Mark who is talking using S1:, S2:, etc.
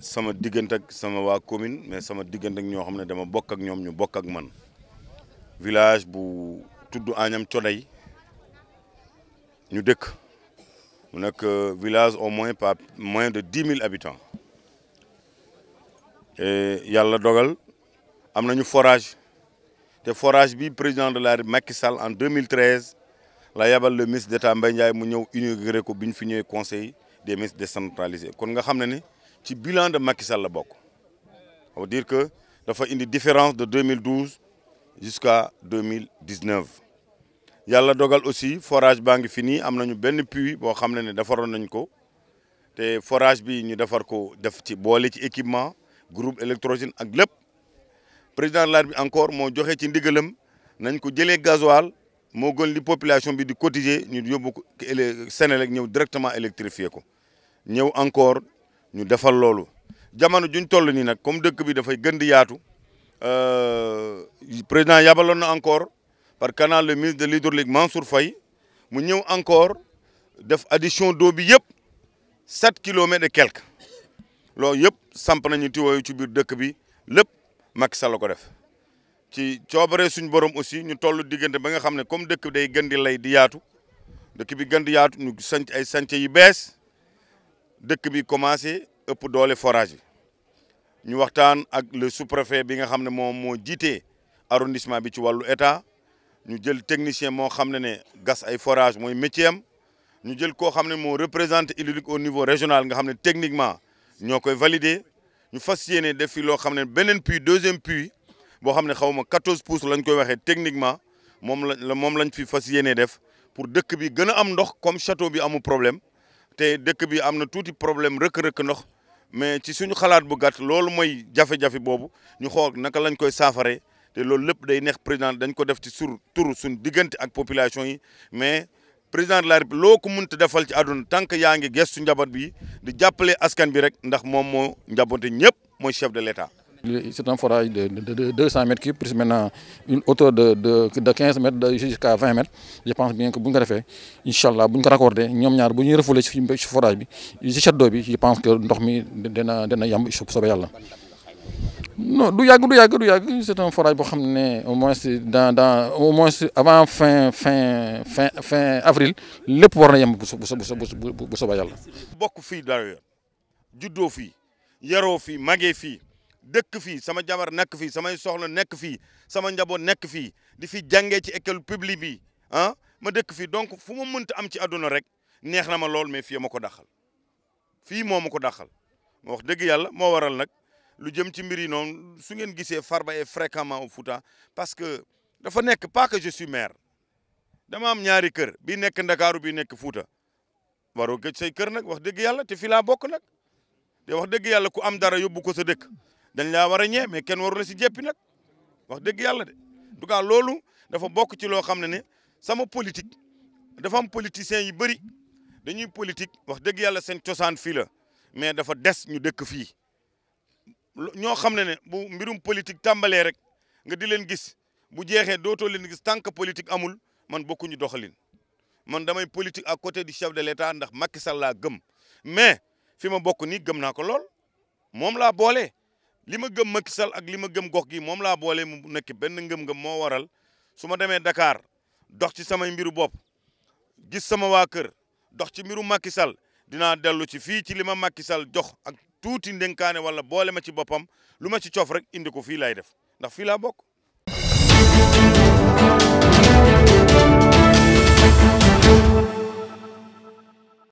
S1: sama diggante sama waa commune mais sama diggante ak ñoo xam ne dama bokk ak ñoom ñu bokk ak man village bu tudd Agnam Thioday ñu dëkk mu nekk euh, village au moins pas moins de dix mille habitants yàlla dogal am nañu forage te forage bi président de la Macky sal en 2013 la yabal le ministre d'État Mbaye Ndiaye mu ñëw inauguré ko bi ñu fi ñëwee conseil des de décentralisé kon nga xam ne ni ci bilan de Macky la bokk ça veut dire que dafa indi différence de 2012 jusqu'à 2019 yàlla dogal aussi forage baa ngi fi nii am nañu benn puits boo xam ne ne defaroon nañ ko te forage bi ñu defar ko def ci boole ci équipement groupe électrogène ak lépp président de bi encore moo joxe ci ndigalam nañ ko jëlee gasoil moo gën li population bi di cotiser ñu yóbbu ko Senelec ñëw directement électrifier ko ñëw encore ñu defal loolu jamono juñ toll nii nag comme dëkk bi dafay gën di yaatu euh, président yabaloon na encore par canal le ministre de l'hydraulique Mansour fay mu ñëw encore def addition d'eau bi yëpp sept kilomètres et quelques loolu yëpp samp nañu tuyaux ci biir dëkk bi lépp Macky Sall la ko def ci coobare suñ borom aussi ñu toll diggante ba nga xam ne comme dëkk day gën lay di yaatu dëkk bi gën di yaatu ñu sanc ay sanc yu bees dëkk bi commencé ëpp doole forage bi ñu waxtaan ak le sous-préfet bi nga xam ne moom moo jiitee arrondissement bi ci wàllu état ñu jël technicien moo xam ne ne gas ay forage mooy métier am ñu jël koo xam ne moo représenter hydraulique au niveau régional nga xam ne techniquement ñoo koy valider ñu fas yéene def fi loo xam ne beneen puits deuxième puits boo xam ne xaw ma 14 pouces lañ koy waxee techniquement moom la moom lañ fi fas yenee def pour dëkk bi gën a am ndox comme château bi amul problème te dëkk bi am na tuuti problème rëkk-rëkk ndox mais ci suñu xalaat bu gàtt loolu mooy jafe-jafe boobu ñu xool naka lañ koy saafaree te loolu lépp day neex président dañ ko def ci sur tur suñ diggante ak population yi mais président de la République loo ko mënta defal ci àdduna tant que yaa ngi gestu njaboot bi di jàppale askan bi rek ndax moom moo njaboote ñëpp mooy chef de l'État
S2: C'est un forage de, de, de, 200 mètres cubes, plus maintenant une hauteur de, de 15 mètres jusqu'à 20 mètres. Je pense bien que si nous fait, Inch'Allah, si nous raccordons, nous avons refoulé ce forage, je pense que nous avons sauvé Allah. non du yàgg du yàgg du yàgg c'est un forage boo xam ne au moins dans dans au moins avant fin fin fin fin avril lépp war na yem bu bu bu bu soobee yàlla.
S1: bokk fii dara yoon juddoo fii yaroo fii màggee fii. dëkk fii sama jabar nekk fii samay soxla nekk fii sama njaboot nekk fii di fi jàngee ci école publique bi ah ma dëkk fii donc fu ma mënta am ci àdduna rek neex na ma lool mais fii ma ko daxal fii moo ma ko daxal ma wax dëgg yàlla moo waral nag lu jëm ci mbir yi noonu su ngeen gisee Farba est fréquemment au Fouta parce que dafa nekk pas que je suis dama am ñaari kër bii nekk Ndakaaru bi nekk Fouta waroo gëj say kër nag wax dëgg yàlla te fii bokk nag te wax dëgg yàlla ku am dara yóbbu ko sa dëkk dañ laa war a ñee mais kenn waru na si jéppi nag wax dëgg yàlla de en loolu dafa bokk ci loo xam ne ne sama politique dafa am politiciens yu bëri dañuy politique wax dëgg yàlla seen cosaan fii la mais dafa des ñu dëkk fii ñoo xam ne ne bu mbirum politique tàmbalee rek nga di leen gis bu jeexee dootoo leen gis tant que politique amul man bokkuñu doxalin man damay politique à côté di chef de l'État ndax Macky Sall gëm mais fi ma bokk nii gëm naa ko lool moom laa boole. li ma gëm Macky Sall ak li ma gëm gox gi moom laa boole mu nekk benn ngëm ngam moo waral su ma demee Dakar dox ci samay mbiru bopp gis sama waa kër dox ci mbiru Macky Sall dinaa dellu ci fii ci li ma makkisal Sall jox ak tuuti ndénkaane wala boole ma ci boppam lu ma ci coof rek indi ko fii laay def ndax fii laa bokk.